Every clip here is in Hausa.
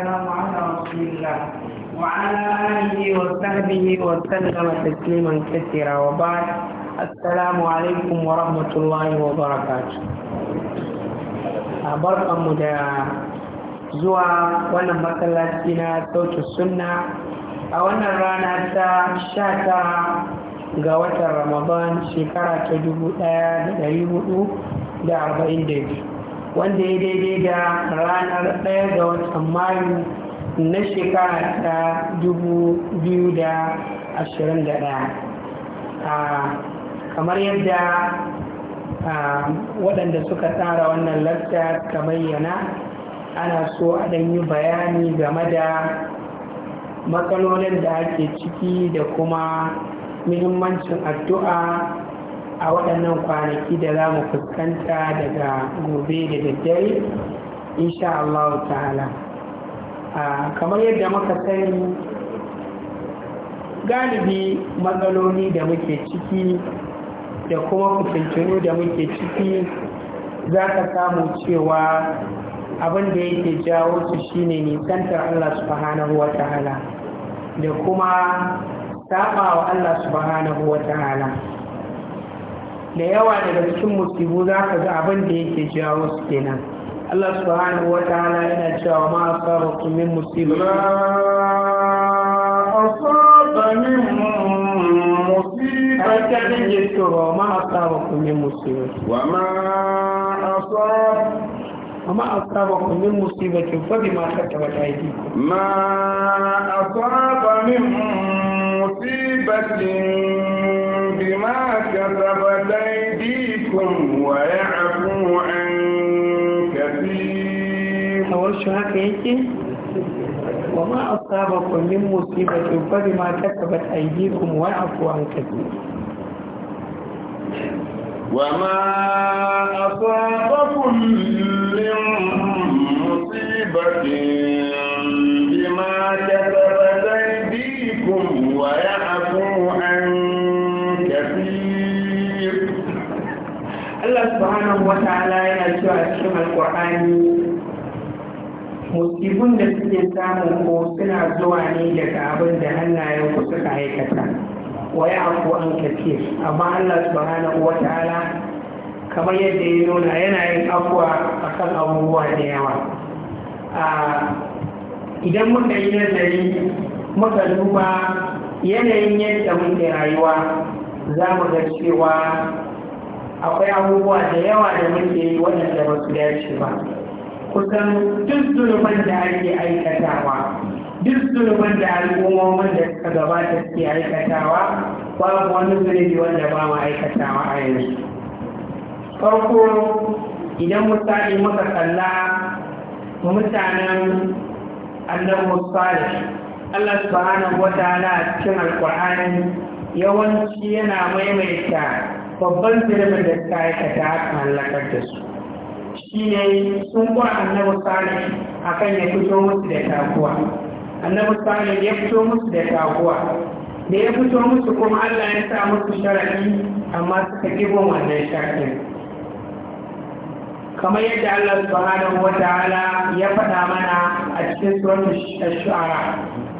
والسلام على رسول الله وعلى آله وصحبه وسلم تسليما كثيرا وبعد السلام عليكم ورحمة الله وبركاته barkanmu da zuwa wannan masallaci na sautin sunna a wannan rana ta sha ga watan ramadan shekara ta dubu ɗaya da hudu da arba'in da biyu wanda ya daidai da ranar ɗaya ga watan mayu na shekara ta 2021 kamar yadda waɗanda suka tsara wannan lakta ka bayyana ana so a ɗan yi bayani game da matsalolin da ake ciki da kuma muhimmancin addu'a a waɗannan kwanaki da za mu fuskanta daga gobe da daddare insha Allah ta'ala kamar yadda muka sani galibi matsaloli da muke ciki da kuma fitintunu da muke ciki za ka samu cewa abin da yake jawo su shine nisantar Allah subhanahu wa ta'ala da kuma saba wa Allah subhanahu wa ta'ala da yawa daga cikin musibu za ka ga abin da yake jawo su kenan Allah subhanahu wa ta'ala yana cewa ma asaba kum min musibah ma asaba min musibah ta ce to ma asaba kum min musibah wa ma asaba ma asaba kum min musibah ke fa bi ma ta ta bata yi ma asaba min musibatin بما كسبت أيديكم ويعفو عن كثير أول شو وما أصابكم من مصيبة فبما كسبت أيديكم ويعفو عن كثير وما أصابكم من مصيبة بما كسبت أيديكم ويعفو عن Allah subhanahu wa ta'ala yana cewa a cikin alƙur'ani musibin da suke samu ko suna zuwa ne daga abin da hannayen ku suka aikata wa ya afu an kace amma Allah subhanahu wa ta'ala kamar yadda ya nuna yana yin afuwa a kan abubuwa da yawa idan muka yi nazari muka duba yanayin yadda muke rayuwa za mu ga cewa akwai abubuwa da yawa da muke yi waɗanda ba su dace ba kusan duk zulufan da ake aikatawa duk zulufan da al'ummomin da suka gabata suke aikatawa babu wani zunubi wanda ba mu aikatawa a yanzu farko idan misali muka kalla mutanen annabi musali Allah subhanahu wa ta'ala cikin alkur'ani yawanci yana maimaita babban zirgin da ta aikata ta mallakar da su shi ne sun kuwa annabi tsari a kan ya fito musu da takuwa annabi tsari ya fito musu da takuwa da ya fito musu kuma allah ya sa musu sharaɗi amma suka kibon wannan sharaɗin kamar yadda Allah su wata ala ya faɗa mana a cikin suratul shu'ara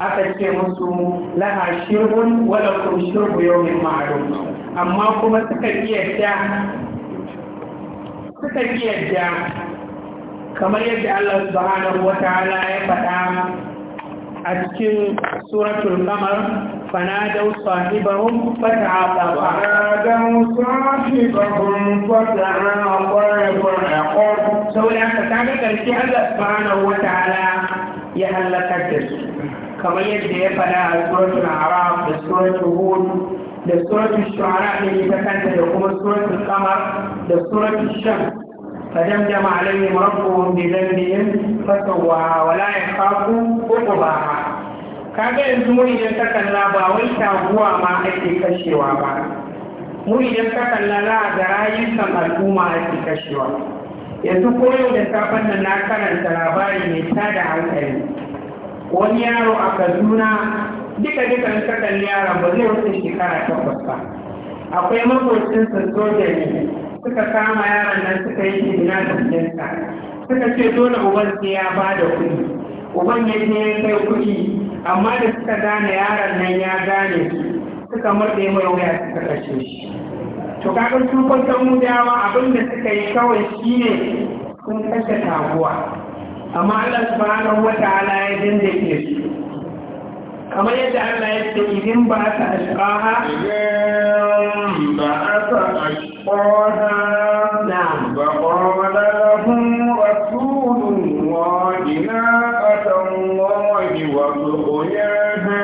aka ce musu laha shirhun wa lakum yau min amma kuma suka yadda sukan yadda kamar yadda Allah subhanahu ta'ala ya faɗa a cikin suratul qamar fanadaw sahibahum fata'aqaw fanadaw sahibahum fata'aqaw fa'aqar saboda haka kaga karshe Allah subhanahu wataala ya halaka da su kamar yadda ya faɗa a suratul araf da suratul hud da suratul shu'ara ne ta kanta da kuma suratun kama da shan. suratul shams فدمدم عليهم ربهم بذنبهم فسواها ولا يخاف عقباها kaga yanzu mu idan ka kalla ba wai shaguwa ma ake kashewa ba mu idan ka kalla za a ga rayukan al'umma ake kashewa yanzu ko yau da safen nan na karanta labari mai tada hankali wani yaro a kaduna duka duka na ka kalli yaron ba zai wuce shekara takwas ba akwai makocin soja ne suka kama yaran nan suka yi hidina da jinsa suka ce dole uban sai ya ba da kuɗi uban ya je ya kai kuɗi amma da suka gane yaran nan ya gane suka murɗe mai waya suka kashe shi to kaga su mudawa abin da suka yi kawai shine sun kashe taguwa amma Allah subhanahu ta'ala ya dindake su kamar yadda Allah ya ce idin ba ta ashqaha idin ba ta ashqaha na'am ba qala lahum rasulullah ila atallahi wa tuqyaha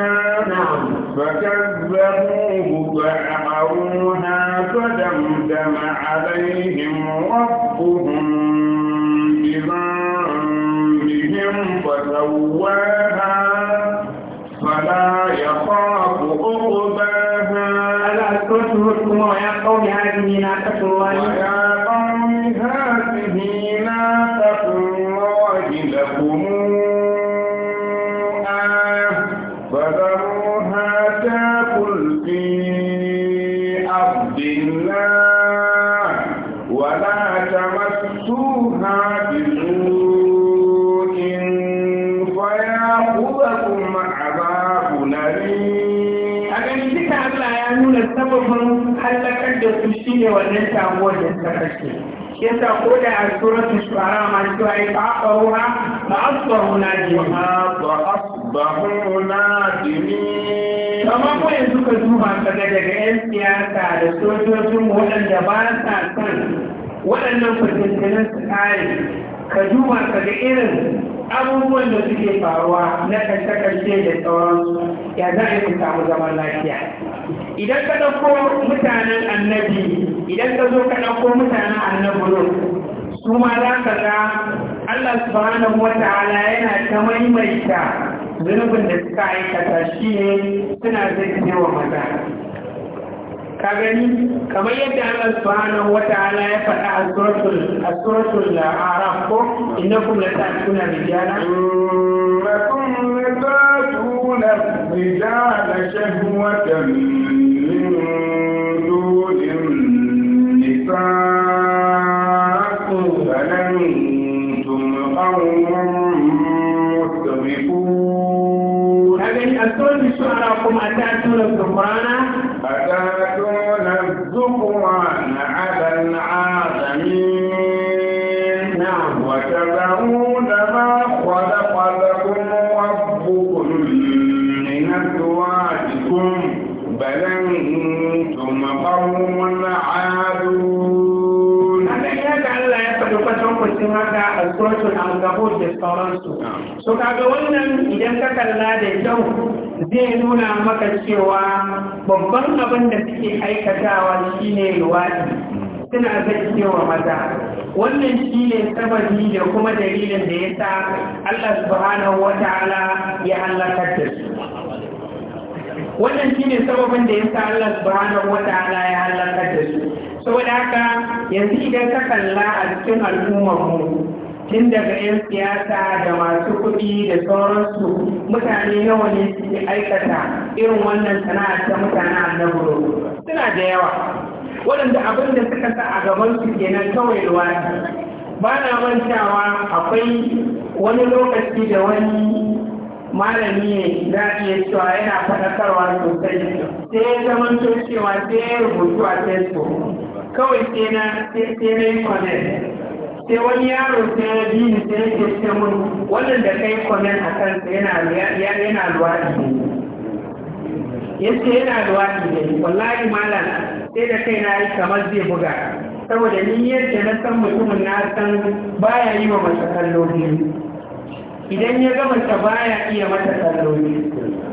na'am fakazzabuhu fa'aruha fadamdama alaihim rabbuhum أكاديمينا كتواني su shi ne wannan samuwar da suka kashe yasa ko da a suratul shu'ara ma cewa ai fa aqruha fa asbahu nadimin fa asbahu nadimin amma ko yanzu ka duba ka ga daga yan siyasa da sojojin waɗanda ba sa son waɗannan fitintunan su kare ka duba ka ga irin abubuwan da suke faruwa na karshe-karshe da sauransu ya za a yi samu zaman lafiya idan ka ɗauko mutanen annabi idan ka zo ka ɗauko mutanen annabi su ma za ka ga Allah subhanahu wa ta'ala yana ta maimaita zunubin da suka aikata shi ne suna zai wa maza ka gani kamar yadda Allah subhanahu wata'ala ya faɗa a suratul a suratul araf ko innakum la ta'tuna rijala innakum la ta'tuna rijala shahwatan min dunin nisaa falantum qawmun mustabqun kaga ni a suratul shu'ara kuma ta tura qur'ana to kaga wannan idan ka kalla da kyau zai nuna maka cewa babban abin da suke aikatawa shine luwadi suna zakewa maza wannan shine sababi da kuma dalilin da ya sa Allah subhanahu wataala ya halakar da su wannan shine sababin da ya sa Allah subhanahu wataala ya halakar da su saboda haka yanzu idan ka kalla a cikin al'ummar mu tun daga 'yan siyasa da masu kuɗi da sauransu mutane nawa ne suke aikata irin wannan sana'a ta mutane annabi suna da yawa waɗanda abin da suka sa a gaban su kenan kawai luwadi ba na mantawa akwai wani lokaci da wani malami ne za iya cewa yana faɗakarwa sosai sai ya zama cewa sai ya rubutu a facebook kawai sai na yi sai wani yaro sai ya bi ni sai yake ce mun wannan da kai comment a kansa yana yana luwadi ne yace yana luwadi ne wallahi malam sai da kai na yi kamar zai buga saboda ni yadda na san mutumin na san baya yi wa mace kallo idan ya gama ta baya iya mata kallo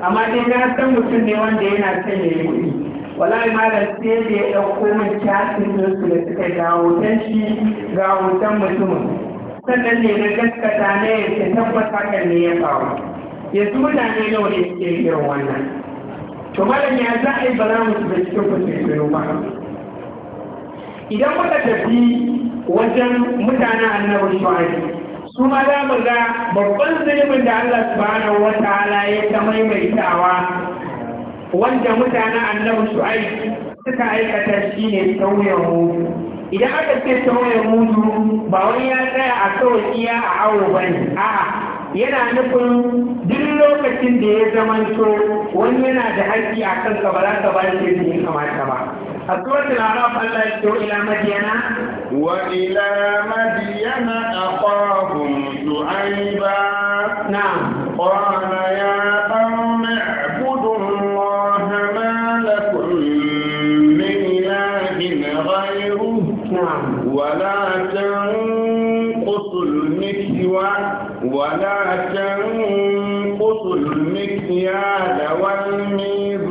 amma dai na san mutum ne wanda yana son ya yi kuɗi wallahi malam sai da ya ɗauko min kyasin su da suka ga hoton shi ga hoton mutumin sannan ne na gaskata na ya tabbata kan ne ya faru yanzu mutane nawa ne suke irin wannan to malam ya za a yi ba za mu shiga cikin kusurkuru ba idan muka tafi wajen mutanen annabi shu'aibu su ma za mu ga babban zulumin da Allah subhanahu wa ta'ala ya ta maimaitawa wanda mutanen annabi aiki suka aikata shi ne sauyan mutu idan aka ce sauyan mutu, ba wani ya tsaya a kawai iya a awo ba ne a'a yana nufin duk lokacin da ya zamanto wani yana da haƙƙi a ka ba za ka ba shi da ya kamata ba a suratul lara falla ya ce ila madiyana wa ila madiyana aqahum shu'aiba na kwana ya ولا تنقصوا المكيال والميزان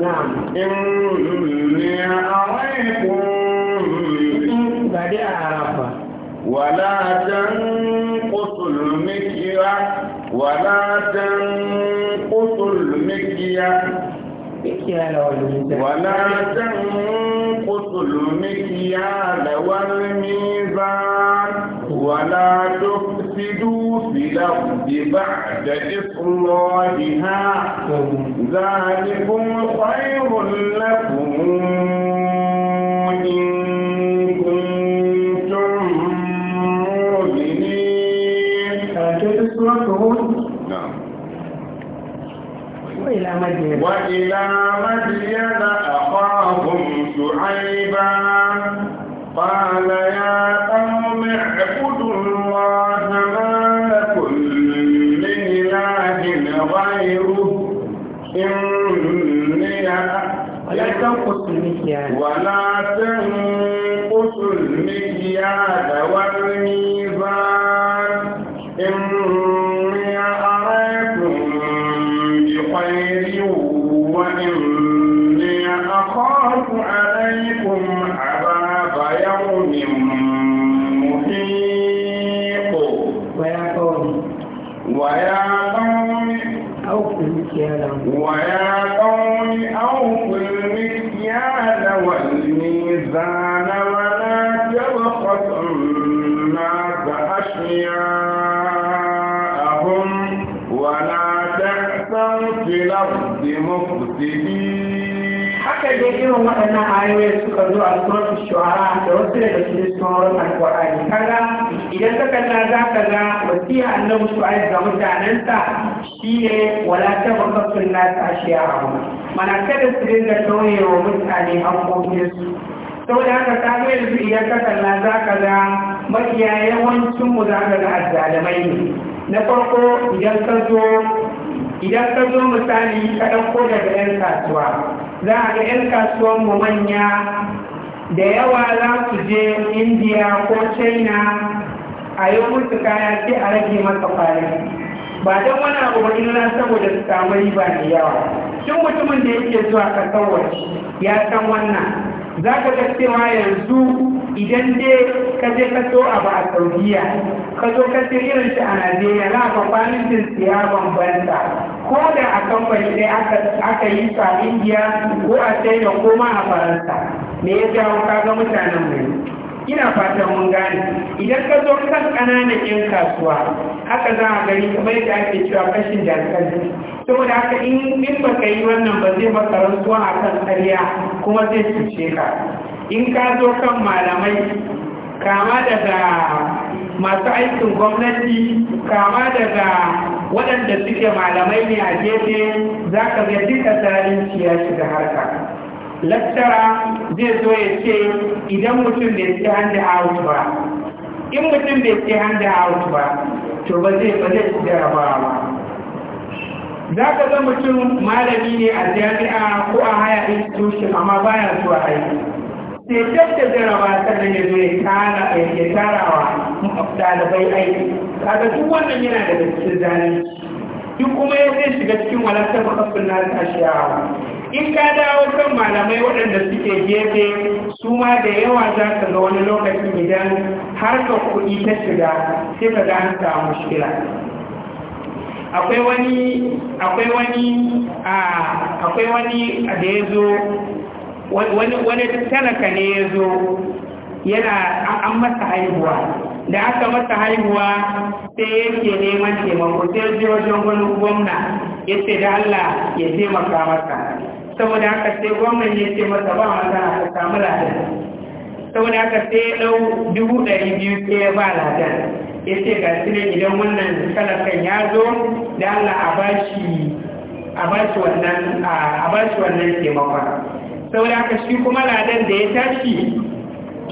نعم إني أريكم ولا تنقصوا المكيال ولا تنقصوا المكيال ولا تنقصوا المكيال والميزان ولا تفسدوا في الأرض بعد إصلاحها ذلكم خير لكم إن كنتم مؤمنين نعم وإلى مدين وإلى مدين أخاهم شعيبا قال يا تنقص المكيال ولا تنقص المكيال والميزان irin waɗannan ayoyin suka zo a suratul shu'ara da wasu daga cikin surorin alqur'ani kaga idan ka kalla za ka ga wasiya annabi shu'aib ga shi shine wala ta tabaqatu an-nas ashiya'ahum mana kada su dinga tauye wa mutane su, saboda haka ta ga yanzu idan ka kalla za ka ga mafiya yawancinmu za ka ga azzalamai ne na farko idan ka zo idan ka zo misali ka ɗauko daga 'yan kasuwa za a ga 'yan kasuwan mu manya da yawa za su je indiya ko china a yi musu kaya sai a rage masa kwari ba don wani abu ba ina saboda su samu riba da yawa Tun mutumin da yake zuwa kasar waje ya san wannan za ka ga cewa yanzu idan dai ka je ka so ba a saudiya ka zo ka ce irin shi a najeriya na ka kwanin jin siya bambanta ko da a kamfani ɗaya aka yi su a indiya ko a china ko ma a faransa me ya jawo ga mutanen mai ina fatan mun gane idan ka zo kan ƙananan 'yan kasuwa haka za a gari kamar yadda ake cewa kashin jakar saboda haka in ba ka yi wannan ba zai maka rantsuwa a kan tsariya kuma zai cuce ka in ka zo kan malamai kama daga masu aikin gwamnati kama daga waɗanda suke malamai ne a gefe za ka ga duka zalunci ya shiga harka lattara zai zo ya ce idan mutum bai ce hand out ba in mutum bai ce hand out ba to ba zai ba zai jarabawa ba za ka ga mutum malami ne a jami'a ko a haya institution amma baya zuwa aiki sai dadda jarawa sannan ya zo ya tara ya tarawa ɗalibai aiki kaga duk wannan yana da cikin zalunci duk kuma ya zai shiga cikin walantar makafin na tashiyawa in ka dawo kan malamai waɗanda suke gefe su ma da yawa za ka ga wani lokaci idan harkar kuɗi ta shiga sai ka ga an samu shira akwai wani akwai wani a akwai wani da ya zo wani talaka ne ya zo yana an masa haihuwa da aka masa haihuwa sai yake neman taimako sai ji wajen wani gwamna ya ce da Allah ya taimaka masa saboda haka sai gwamnan ya ce masa ba matsala ka samu ladan saboda haka sai ya ɗau dubu ɗari biyu sai ya ba ladan ya ce ga shi ne idan wannan talakan ya zo da Allah a bashi a bashi wannan taimakon saboda haka shi kuma ladan da ya tashi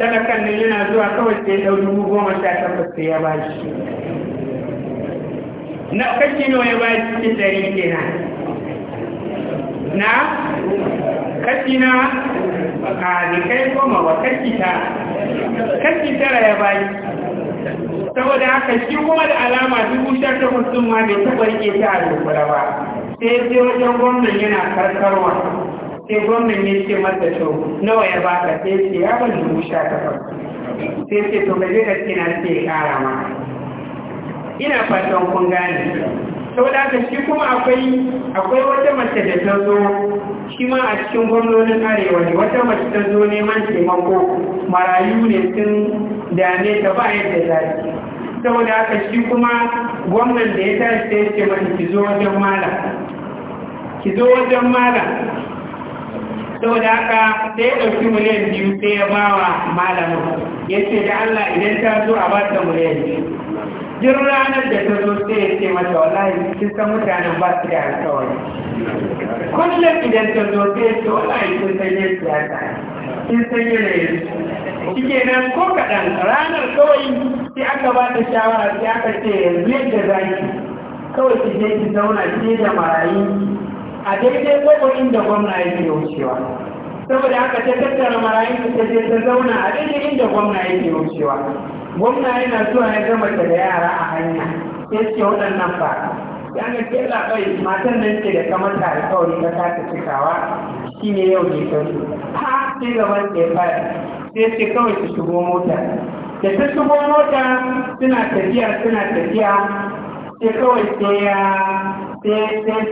talakan nan yana zuwa kawai sai ɗau dubu goma sha takwas sai ya bashi na kashi nawa ya bashi cikin ɗari kenan na kashi na a kai goma wa kashi ta. kashi tara ya bashi saboda haka shi kuma da alama dubu sha takwas sun ma bai taɓa rike ta a dokar ba sai sai wajen gwamnan yana karkarwa sai gwamnan ya ce mata to nawa ya baka sai ce ya ban dubu sha takwas sai ce to ga je kina ce na kara ma ina fatan kun gane sau da aka shi kuma akwai akwai wata mace da ta zo shi ma a cikin gwamnonin arewa ne wata mace ta zo neman taimako marayu ne sun dame ta ba yadda za ki da haka shi kuma gwamnan da ya tashi sai ce mata ki zo wajen mala ki zo wajen malam saboda haka sai ya ɗauki miliyan biyu sai ya ba wa malamin ya ce da Allah idan ta zo a ba ta miliyan biyu jin ranar da ta zo sai ya ce mata wallahi kin san mutanen ba su da alkawari kullum idan ta zo sai ya ce wallahi kin san yin siyasa kin san yanayin shike nan ko kaɗan ranar kawai sai aka ba ta shawara sai aka ce yanzu yadda za ki kawai ki je ki zauna ke da marayu a daidai kwakwakin inda gwamna yake wucewa saboda haka ta tattara marayun ta je ta zauna a daidai inda gwamna yake wucewa gwamna yana zuwa ya gama ta da yara a hanya sai ce waɗannan ba ya ga ke labai matan nan ke da kamar ta alkawari ta kasa cikawa shi ne yau ne ta ha sai gaban ke fara sai ce kawai su shigo mota da ta shigo mota suna tafiya suna tafiya sai kawai sai ya sai sai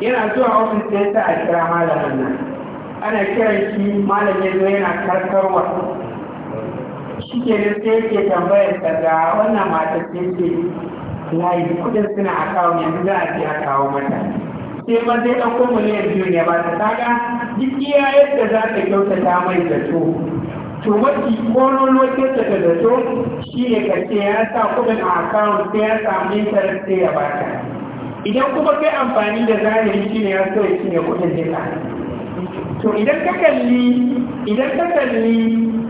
yana zuwa ofis sai sa a kira malamin nan ana kiran shi malamin zo yana karkarwa shi ke da sai ke tambayar sa ga wannan matar sai ce layi kudin suna a kawo yanzu za a ce a kawo mata sai ma zai ɗauko miliyan biyu ne ba ta kaga duk iya yadda za ta kyautata mai zato to mafi ƙololuwar kyauta da zato shi ne ce ya sa kudin a akawun sai ya sami intanet sai ya baka idan kuma kai amfani da zahiri shi ne ya so ya cinye kudin duka to idan ka kalli idan ka kalli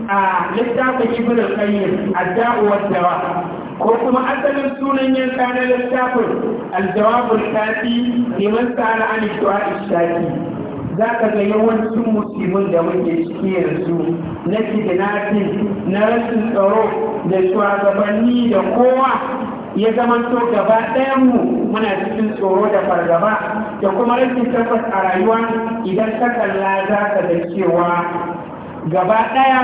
a littafin ibn al-qayyim ad-da'u dawa ko kuma asalin sunan yanka na littafin al-jawab al-kafi liman sa'ala an du'a za ka ga yawancin musulmin da muke ciki yanzu na kidnapping na rashin tsaro da shugabanni da kowa ya zamanto gaba mu, muna cikin tsoro da fargaba da kuma rashin tabbas a rayuwa idan ka kalla za ka da cewa gaba ɗaya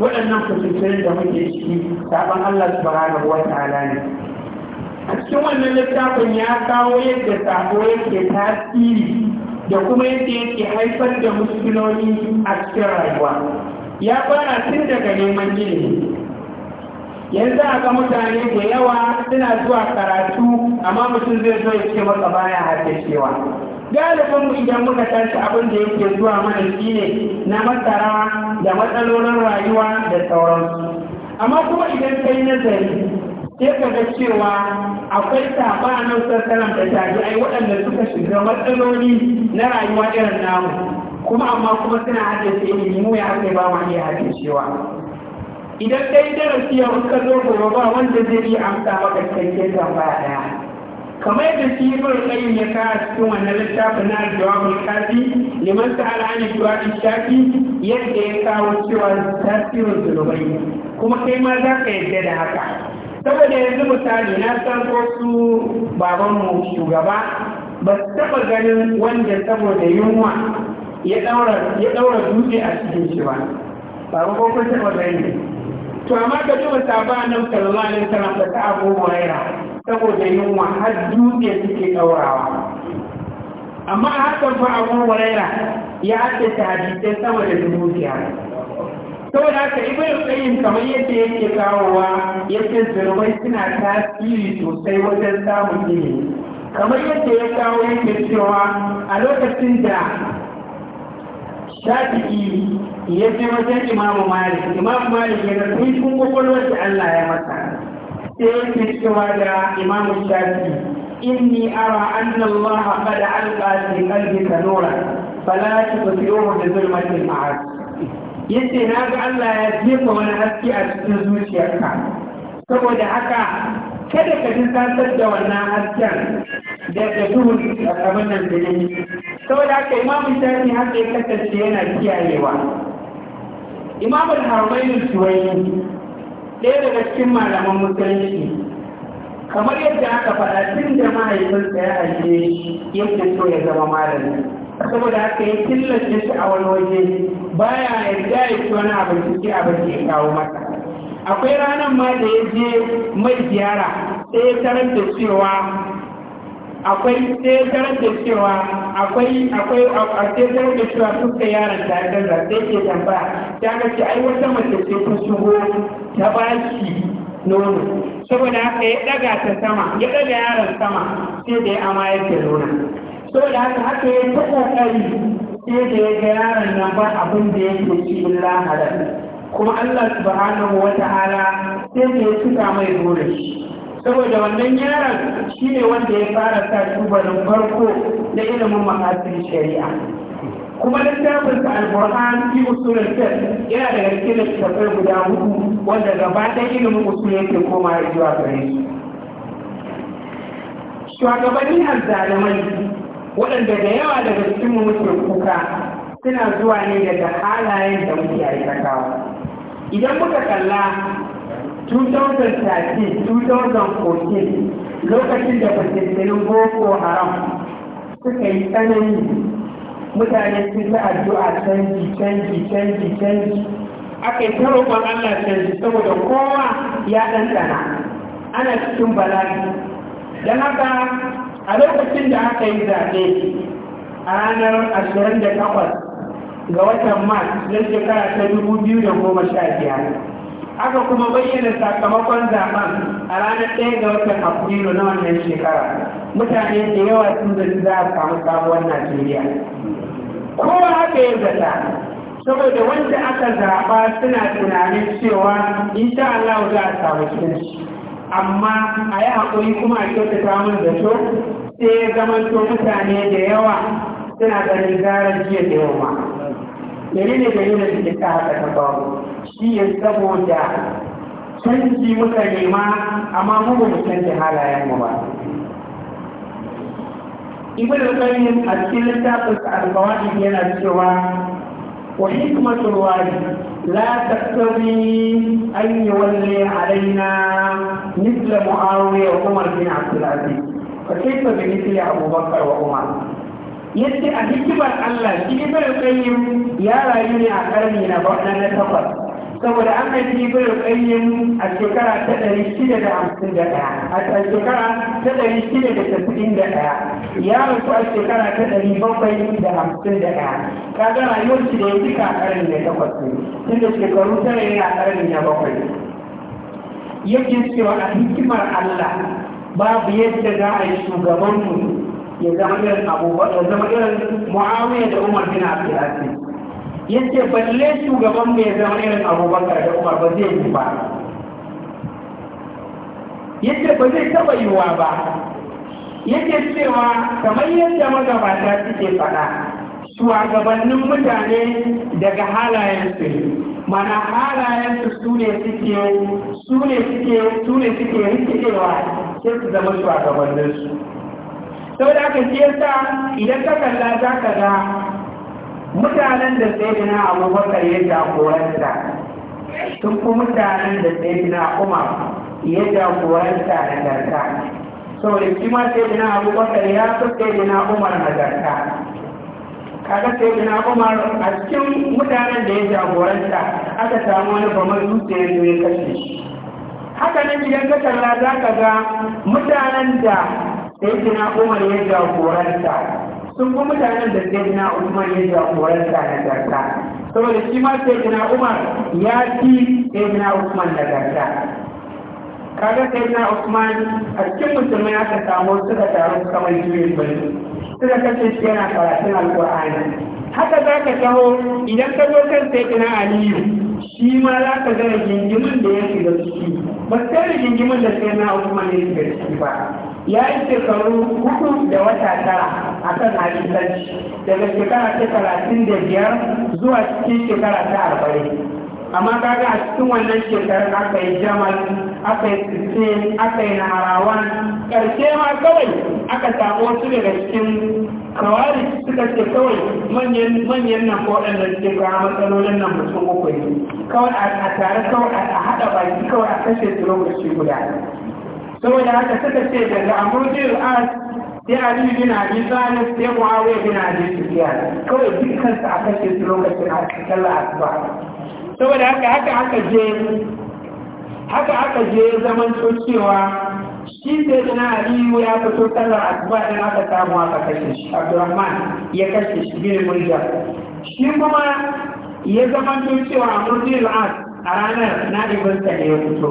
waɗannan kusurturin da muke ciki sabon Allah su subhanahu wa ala ne a cikin wannan littafin ya kawo yadda sabo yake tasiri da kuma yadda yake haifar da musuloli a cikin rayuwa ya fara tun daga neman ilimi yanzu a ga mutane da yawa suna zuwa karatu amma mutum zai zo ya ce maka baya cewa galibin mu idan muka tashi abin da yake zuwa mana ne na masara da matsalolin rayuwa da sauransu amma kuma idan ka yi nazari sai ka ga cewa akwai nan sassanan da tabi'ai waɗanda suka shiga matsaloli na rayuwa irin namu kuma amma kuma suna haddace ilimi mu ya haɗe ba ma iya cewa. idan dai darasi ya ka zo gobe ba wanda zai yi amsa maka cikakken tambaya ɗaya kamar yadda shi ibn qayyim ya kawo cikin wannan littafin na jawabul kafi liman ta'ala an jawabul shafi yadda ya kawo cewa tasirin zulubai kuma kai ma za ka yadda da haka saboda yanzu misali na san ko su babanmu shugaba ba su taɓa ganin wanda saboda yunwa ya ɗaura dutse a cikin shi ba ba ba kun taɓa gani to amma ka ba saba nan sallallahu alaihi wasallam ta abu huraira saboda yunwa har dutse suke ɗaurawa amma a fa abu ya haɗe ta hadisai sama da dubu biyar saboda haka bayan tsayin kamar yadda yake kawowa yake zirmai suna tasiri sosai wajen samun ilimi kamar yadda ya kawo yake cewa a lokacin da shafi'i ya je wajen imamu malik imamu malik ya ga sun kwakwalwar da allah ya masa sai yake cewa da imamu shafi'i إني أرى أن الله قد ألقى في قلبك نورا فلا تطيعه بظلمة المعاصي yace na ga Allah ya jefa wani haske a cikin zuciyarka saboda haka kada ka ji tasar da wannan hasken da ka duhu a kaman nan da ne saboda haka imamu shafi haka ya kasance yana kiyayewa imamu harmainu suwayi ɗaya daga cikin malaman musulunci kamar yadda aka faɗa tun da mahaifinsa ya ajiye shi yake so ya zama malami saboda haka ya killace shi a wani waje baya yarda ya ci wani ciki sai abinci ya kawo masa akwai ranar ma da ya je mai ziyara sai ya tarar da cewa akwai sai ya tarar da cewa akwai akwai a sai tarar da cewa suka yaran ta gaza sai ke tambaya ta ga ce ai wata mace ce ta shigo ta baki nono saboda haka ya daga ta sama ya daga yaron sama sai da ya amayar yake nuna da haka haka ya fi kokari sai da ya ga yaron nan ba abin da ya ke ci illa halal kuma Allah subhanahu wa ta'ala sai da ya suka mai dole shi saboda wannan yaron shi ne wanda ya fara sa tubalin farko na ilimin mahasir shari'a kuma littafin sa alburhan fi usul fiqh yana daga da littafai guda hudu wanda gaba ɗaya ilimin usul yake koma zuwa gare su shugabanni azzalimai waɗanda da yawa daga cikin mu muke kuka suna zuwa ne daga halayen da muke aikatawa idan muka kalla 2013 2014 lokacin da fitattunin boko haram suka yi tsanani mutane sun ta addu'a canji canji canji canji aka yi ta allah canji saboda kowa ya ɗanɗana ana cikin bala'i don haka a lokacin da aka yi zaɓe a ranar ashirin da takwas ga watan mars na shekara ta dubu biyu da goma sha biyar aka kuma bayyana sakamakon zaɓen a ranar ɗaya ga watan afrilu na wannan shekara mutane da yawa sun zaci za a samu sabuwar najeriya Ko haka yi zata saboda wanda aka zaɓa suna tunanin cewa insha Allah za a samu kinci amma a yi haƙuri kuma a kyautata min da so sai ya zama to mutane da yawa suna ganin zarar jiya da yawa mene ne da yau da ta haka ta ba shi ya saboda canji muka nema amma mu ba mu canji halayen mu ba ibn qayyim a cikin littafin al-fawaid yana cewa wa hikmatul لا تقتضي أن يولي علينا مثل معاوية وعمر بن عبد العزيز فكيف بمثل أبو بكر وعمر يدي أهجب الله Allah shi ibn qayyim ya rayu ne a karni saboda an jini bai qayyim a shekara ta ɗari shida da hamsin da ɗaya a shekara ta ɗari shida da tasirin da ɗaya ya rasu a shekara ta ɗari bakwai da hamsin da ɗaya gara rayuwar shi da ya fi ƙarni da takwas ne da shekaru tara yana ƙarni da bakwai yake cewa a hikimar Allah babu yadda za a yi shugabanmu ya zama irin abubuwa ya zama irin mu'amala da umar bin abdulaziz yace balle shugaban mai zama irin abubakar da umar ba zai yi ba yace ba zai taba wa ba yake cewa kamar yadda magabata suke faɗa shugabannin mutane daga halayensu mana halayensu su ne suke su ne suke su ne suke rikidewa sai su zama shugabanninsu sau da aka ce sa idan ka kalla za ka ga mutanen da a abubakar ya jagoranta sun fi mutanen da sayyidina umar ya jagoranta nagarta da shi ma sayyidina abubakar ya fi sayyidina umar nagarta kaga sayyidina umar a cikin mutanen da ya jagoranta aka samu wani bamar zuciya ya kashe shi haka nan idan ka kalla za ka ga mutanen da sayyidina umar ya jagoranta sun kuma mutanen da sai gina umar ya jagoranta na garka saboda shi ma sai gina umar ya fi sai gina umar da garka kaga sai gina usman a cikin ya aka samu suka taru kamar juyin bari suka kashe shi yana karatun alkur'ani haka za ka taho idan ka zo kan sai gina aliyu shi ma za ka ga gingimin da ya shiga ciki ba sai gingimin da sai na usman ya shiga ciki ba ya yi shekaru hudu da wata tara a kan hadisanci daga shekara ta talatin da biyar zuwa cikin shekara ta arba'in amma kaga a cikin wannan shekarun aka yi jamal aka yi sisse aka yi naharawan ƙarshe ma kawai aka samu wasu daga cikin kawari suka ce kawai manyan nan ko waɗanda suke kawo matsalolin nan mutum uku ne kawai a tare kawai a haɗa baki kawai a kashe su lokaci guda saboda haka suka ce daga amurjiyar as sai ali bin abi zalim sai muawiya bin abi sufyan kawai dukkan su aka ce su lokacin a asuba saboda haka haka aka je haka aka je zaman cewa shi sai da na aliyu ya fito sallar asuba din aka samu aka kashe shi abdurrahman ya kashe shi bin murja shi kuma ya zaman cewa amurjiyar as a ranar na ibinsa ne ya fito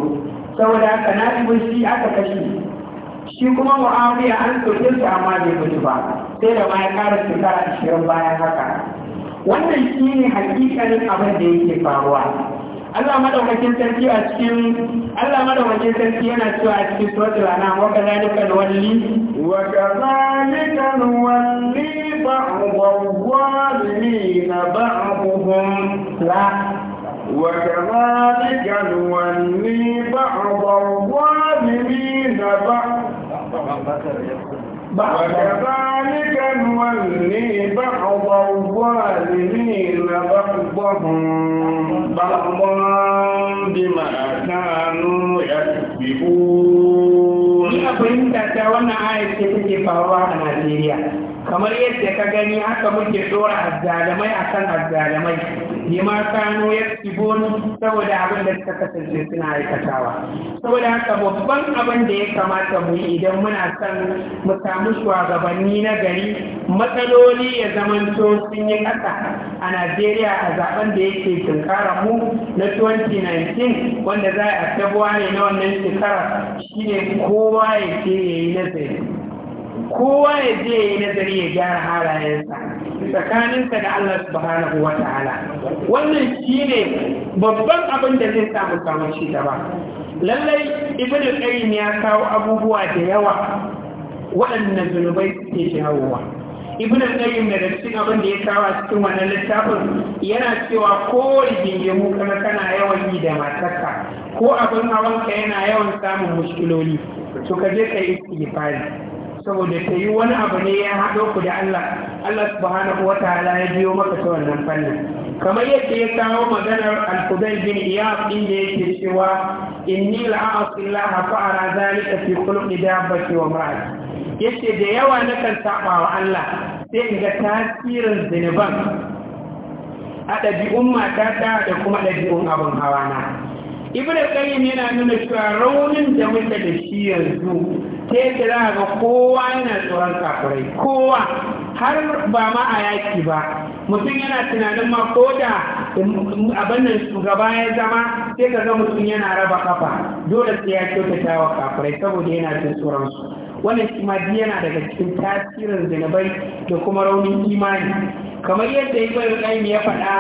saboda haka nasibin shi aka kashe shi kuma mu'amiya an soke su amma bai mutu ba sai da ma ya ƙara shekara ashirin bayan haka wannan shi ne hakikanin abin da yake faruwa Allah madaukakin sarki a cikin Allah madaukakin sarki yana cewa a cikin suratul anam wa kadhalika nawalli wa kadhalika nawalli ba'd wa zalimin ba'dhum la وكذلك نولي بعض الظالمين بعض وكذلك نولي بعض الظالمين بعضهم بعضا بما كانوا يكسبون. Ina fahimta ta wannan ayat ce take faruwa a Najeriya. kamar yadda ka gani haka muke dora azzalamai kan azzalamai ma kano ya tibon saboda abin da suka kasance suna aikatawa saboda haka babban abin da ya kamata mu yi idan muna son mu samu shugabanni na gari matsaloli ya zamanto sun yi ƙasa a najeriya a zaben da yake tunkara mu na 2019 wanda za a tabuwa ne na wannan shekara shine kowa ya ce ya yi nazari kowa ya je ya yi nazari ya gyara halayensa tsakaninsa da Allah subhanahu wa ta'ala wannan shine babban abin da zai samu samu ci gaba lallai ibn qayyim ya kawo abubuwa da yawa waɗannan zunubai suke jawowa ibn qayyim da da cikin abin da ya kawo a cikin wannan littafin yana cewa ko rigingimu kana kana yawan yi da matarka ko abin hawanka yana yawan samun mushkiloli to ka je ka yi istighfari saboda ta yi wani abu ne ya haɗo ku da Allah Allah subhanahu wa ta'ala ya biyo maka ta wannan fannin kamar yadda ya kawo maganar al qudai bin Iyad inda yake cewa inni la'asi Allah fa ara zalika fi khuluqi dabbati wa ma'ad yace da yawa na saba wa Allah sai in ga tasirin zinuban a ɗabi'un matata da kuma ɗabi'un abin hawa na ibn qayyim yana nuna cewa raunin da muke da shi yanzu ta yadda za ga kowa yana tsoron kafirai kowa har ba ma a yaki ba mutum yana tunanin ma ko da abin nan shugaba ya zama sai ka ga mutum yana raba kafa dole sai ya kyautata wa kafirai saboda yana jin tsoron su wannan shi yana daga cikin tasirin zinabai da kuma raunin imani kamar yadda ibn qayyim ya faɗa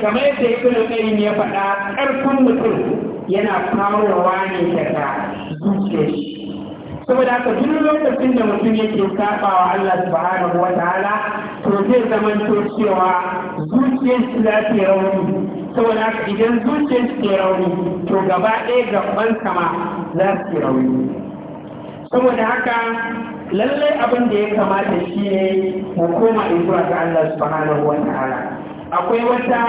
kamar yadda ibn qayyim ya faɗa ƙarfin mutum yana kawowa ne daga zuciyar shi saboda haka duk lokacin da mutum yake sabawa Allah subhanahu wa ta'ala to zai zama to cewa zuciyar shi za ta rauni saboda haka idan zuciyar shi ke rauni to gaba ɗaya gaban sama za su rauni saboda haka lallai abin da ya kamata shi ne mu koma zuwa ga Allah subhanahu wa ta'ala akwai wata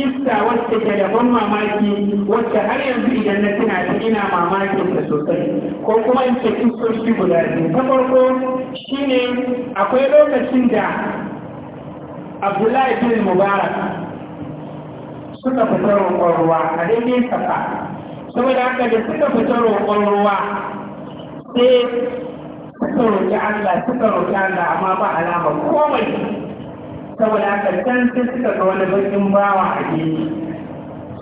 iska wacce ke da ban mamaki wacce har yanzu idan na tuna ta ina mamakin ta sosai ko kuma in ce iskoshi guda biyu ta farko shine akwai lokacin da Abdullahi bin Mubarak suka fita roƙon ruwa a daidai safa saboda haka da suka fita roƙon ruwa sai suka roƙi Allah suka roƙi Allah amma ba alama komai saboda haka can sai suka ga wani bakin bawa a gefe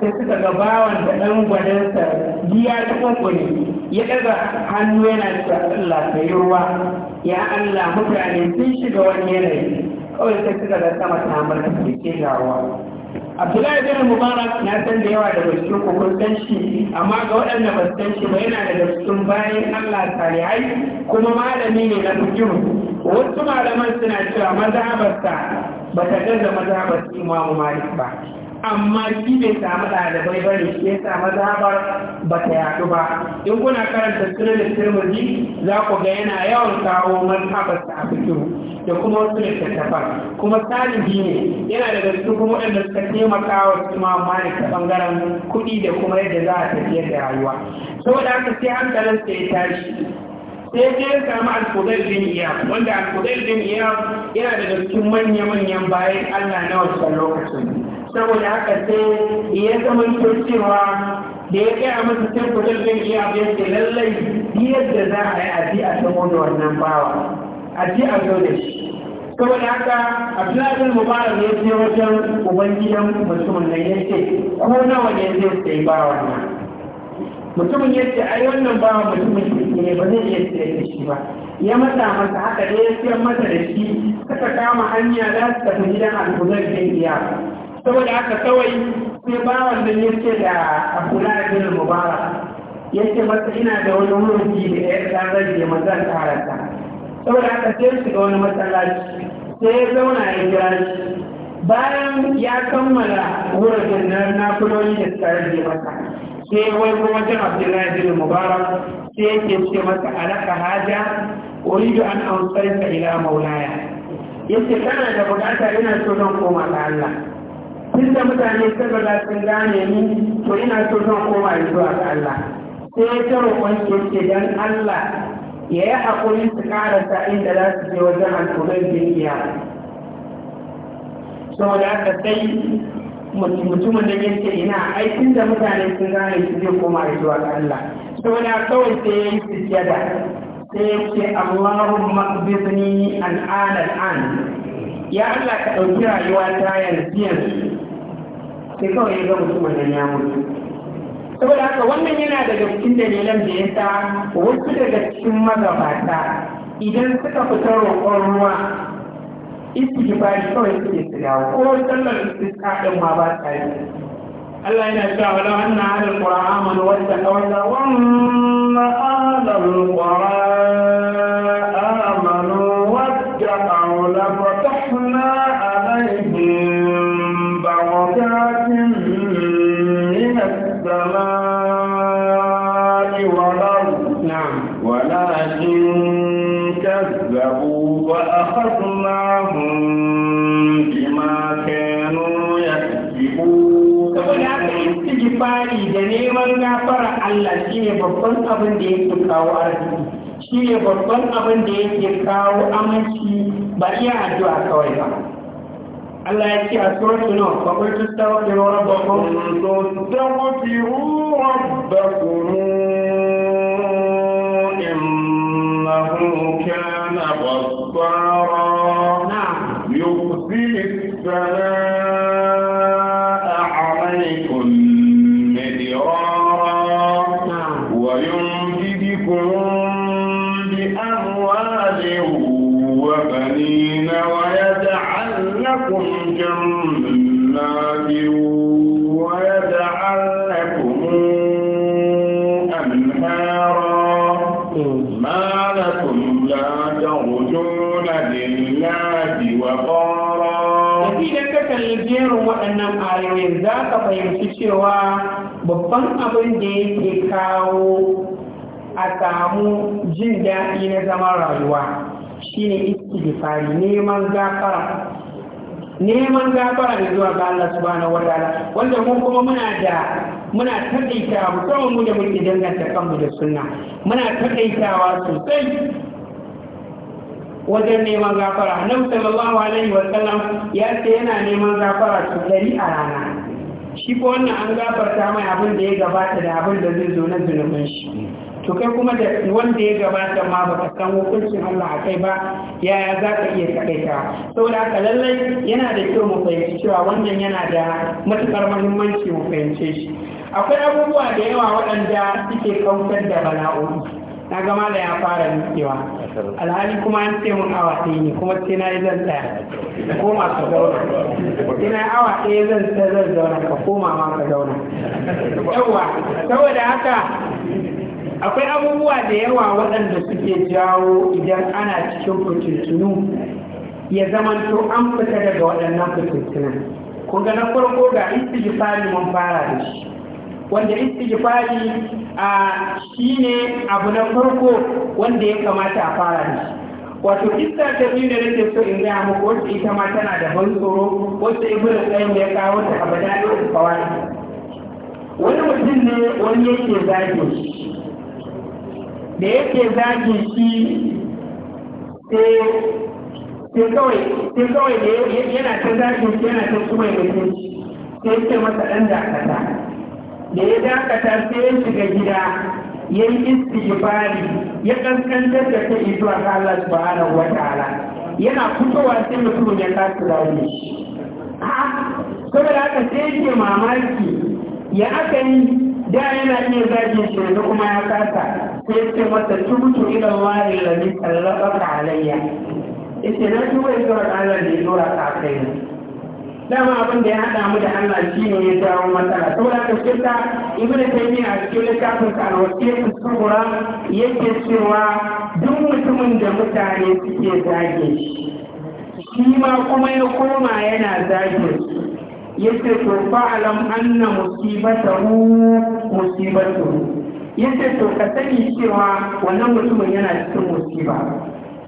sai suka ga bawan da ɗan gwadansa giya ta kwakwani ya ɗaga hannu yana cewa Allah ta yi ruwa ya Allah mutane sun shiga wani yanayi kawai sai suka ga sama ta amurka ke ga ruwa abdullahi bin mubarak na san da yawa daga cikin ku shi amma ga waɗanda ba san shi ba yana daga cikin bayan allah salihai kuma malami ne na fikiru wasu malaman suna cewa mazhabarsa ba ta gaza mazhabar imamu malik ba amma shi bai samu ɗalibai ba ne ya samu zabar ba ta yaɗu ba in kuna karanta sunan da turmuzi za ku ga yana yawan kawo mazhabarsa a fito da kuma wasu littattafan kuma talibi ne yana daga cikin kuma waɗanda suka taimaka wa su ma malik ta ɓangaren kuɗi da kuma yadda za a tafiyar da rayuwa saboda haka sai sa ya tashi sai ya samu alkudar bin iya wanda alkudar bin iya yana da cikin manya-manyan bayan allah na wancan lokacin saboda haka sai ya zama cewa da ya gaya masa sai ku zai iya abin da lallai yadda za a yi aji a samo da wannan bawa aji a zo da shi saboda haka abdullahi mubarak ya ce wajen ubangidan mutumin nan ya ce ko nawa ne zai sai bawa nan mutumin ya ce ai wannan bawa mutumin ne ba zai iya sai da shi ba ya masa masa haka da ya siyar masa da shi suka kama hanya za su tafi gidan al'ummar da iya saboda haka kawai sai bawan da yake da abdullahi bin ya yake masa ina da wani wurin da ya tsarar da mazan karanta saboda haka sai shiga wani matsalaci, sai ya zauna ya jira shi bayan ya kammala wurin na nafuloli da suka rage masa sai wai kuma wajen abdullahi bin mubara sai ke ce masa alaka haja uridu an ansarka ila maulaya yace kana da bukata ina so don koma ga Allah duk da mutane ta da sun gane ni to ina so zan koma zuwa ga Allah sai ta roƙon ke dan Allah ya yi hakuri su karanta inda za su je wajen al'ummar duniya saboda haka sai mutumin da yake ina aikin da mutane sun gane su zai koma zuwa ga Allah saboda kawai sai ya yi sujjada sai ya ce Allahumma qbidni al'an al'an ya Allah ka ɗauki rayuwa ta yanzu yanzu sai kawai ya ga kuma nan ya mutu saboda haka wannan yana daga cikin dalilan da ya sa wasu daga cikin magabata idan suka fitar roƙon ruwa istighfari kawai suke su dawo ko sallar su kaɗin ma ba ta yi Allah yana cewa wala anna ahlul qur'an amanu wa taqaw wa anna ahlul qur'an neman fara Allah ne babban abin da yake kawo arziki ne babban abin da yake kawo aminci ba iya addu'a kawai ba Allah ya ce a suratul nur fa qul tastaghfiru rabbakum tastaghfiru rabbakum innahu kana ghaffara na'am yuhyi as-salam ويجعل لكم جنات ويجعل لكم أنهارا ما لكم لا ترجون لله وقارا kalbiyar waɗannan ayoyin za fahimci cewa babban abin da yake kawo a samu jin daɗi na zama rayuwa Shi da fari neman gafara neman gafara da zuwa ga Allah subhanahu wataala wanda mun kuma muna da muna taƙaitawa musamman mu da muke danganta kanmu da sunna muna taƙaitawa sosai wajen neman gafara annabi sallallahu alaihi wa sallam ya ce yana neman gafara su dari a rana shi ko wannan an gafarta mai abin da ya gabata da abin da zai zo na zunubin shi to kai kuma da wanda ya gabata ma baka san hukuncin Allah kai ba yaya za ka iya takaita saboda haka lallai yana da kyau mu fahimci cewa wannan yana da matukar muhimmanci mu fahimce shi akwai abubuwa da yawa waɗanda suke kautar da bala'o'i na gama da ya fara nutsewa alhali kuma an ce mun awa ɗaya ne kuma sai na yi zan tsaya koma ka zauna sai na awa ɗaya zan tsaya zan zauna ka koma ma ka zauna yawwa saboda haka akwai abubuwa da yawa waɗanda suke jawo idan ana cikin fitintunu ya to an fita daga waɗannan fitintunan kun ga na farko ga istijifari mun fara da shi wanda istijifari a shi ne abu na farko wanda ya kamata a fara da shi wato kista ta biyu da nake so in gaya muku wacce ita ma tana da ban tsoro wacce ibnu qayyim ya kawo ta abada da kawai wani mutum ne wani yake zagin shi da yake zagin shi sai kawai yana ta zagin shi yana ta kuma ya mutunci sai ce masa ɗan dakata da ya dakata sai ya shiga gida ya yi istighfari ya ƙasƙantar da kai zuwa ga Allah subhanahu yana fitowa sai mutumin ya kasu rauni saboda haka sai yake mamaki ya aka yi da yana iya zagin shi kuma ya kasa yace mata idan ila Allah alladhi sallaka alayya ita na tuba ila Allah da dora ka kai ne dama abin da ya haɗa mu da Allah shine ya jawo matsala saboda ka shirka ibnu taymiya a cikin littafin ka alwasiyatu kubra yake cewa duk mutumin da mutane suke zage shi ma kuma ya koma yana zage yace to fa'alam anna musibatahu musibatuhu yace to ka sani cewa wannan mutumin yana cikin musiba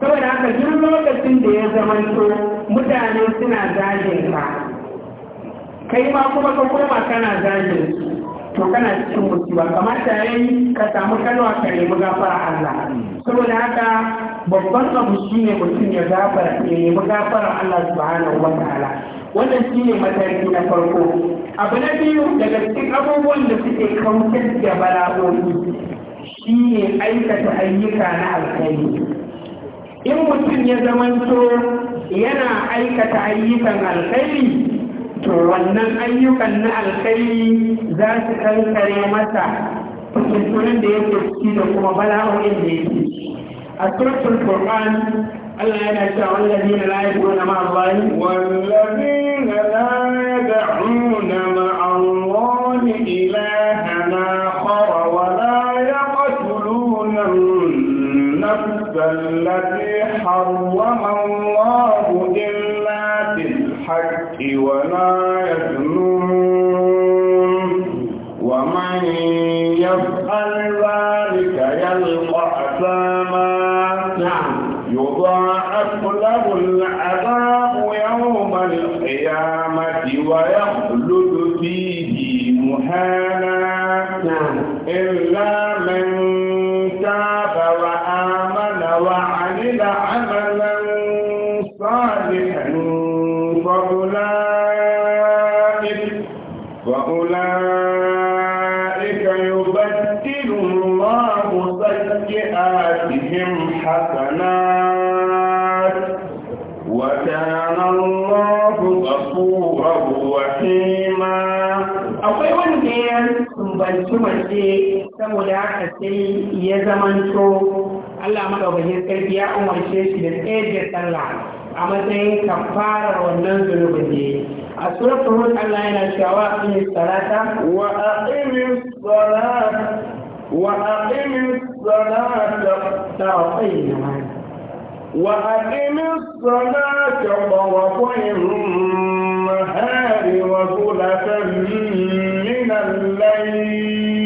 saboda haka duk lokacin da ya zamanto mutane suna zagin ka kai ma kuma ka koma kana zagin to kana cikin musiba kamata yayi ka samu kalwa ka nemi gafara Allah saboda haka babban abu shine mutum ya gafara ya nemi gafara Allah subhanahu ta'ala wannan shi ne mataki na farko abu na biyu daga cikin abubuwan da suke kautar da bala'o'i shi ne aikata ayyuka na alkhairi in mutum ya zamanto yana aikata ayyukan alkhairi to wannan ayyukan na alkhairi za su kankare masa fitattunan da yake ciki da kuma bala'o'in da yake a suratul qur'an Allah yana cewa wallazina la yad'una ma'a Allah wallazina la yad'una ma'a Allah ilahan akhar wa la yaqtuluna an-nafs allati harrama Allah illa bil haqqi wa la yad'una رواية ce saboda haka sai ya zamanto Allah madaukakin sarki ya umarce shi da tsaye da sallah a matsayin kafarar wannan zunubin ne a suratul hud Allah yana cewa aqimi salata wa aqimi salata wa aqimi salata ta'ayna wa aqimi salata tarafay النهار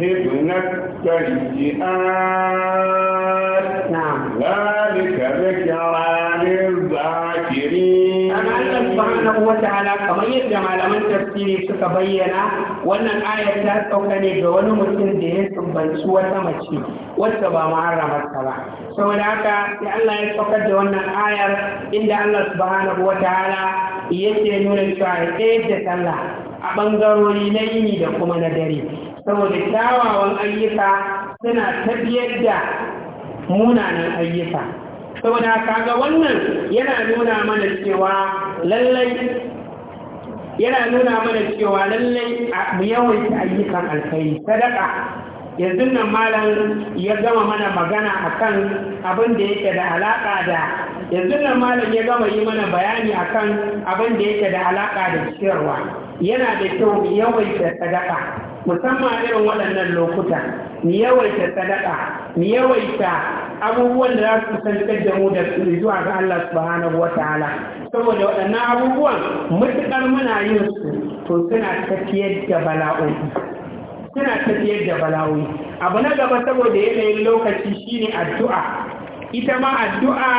يذهبن السيئات ذلك ذكرى للذاكرين أنا سبحانه وتعالى كما يدعى على من تفسيري suka bayyana wannan ayar ta sauka ne ga wani mutum da ya sumbanci wata mace wacce ba muharramarsa ba saboda haka sai Allah ya saukar da wannan ayar inda Allah subhanahu wataala yake nuna cewa ya eh, da sallah a ɓangarori na yini da kuma na dare saboda kyawawan ayyuka suna tafiyar da munanan ayyuka saboda kaga wannan yana nuna mana cewa lallai yana nuna mana cewa lallai mu yawaita ayyukan alkai sadaka yanzu nan malam ya gama mana magana akan abin da yake da alaka da yanzu nan malam ya gama yi mana bayani akan abin da yake da alaka da ciyarwa yana da kyau mu yawaita sadaka musamman a irin waɗannan lokuta mu yawaita sadaka mu yawaita abubuwan da za su kusantar da mu da zuwa ga Allah subhanahu wa ta'ala saboda waɗannan abubuwan matuƙar muna yin su to suna tafiyar da bala'o'i suna tafiyar da bala'o'i abu na gaba saboda yanayin lokaci shine addu'a ita ma addu'a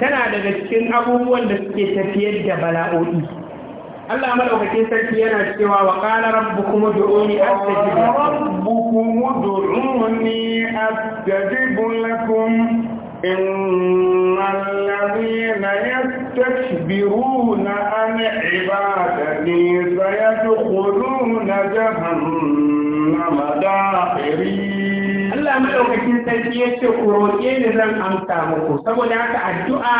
tana daga cikin abubuwan da suke tafiyar da bala'o'i Allah madaukakin sarki yana cewa wa qala rabbukum ud'uni astajib rabbukum ud'uni astajib lakum innal ladhina yastakbiruna an ibadati sayadkhuluna jahannama dakhirin Allah madaukakin sarki yace ku roƙe ni zan amsa muku saboda haka addu'a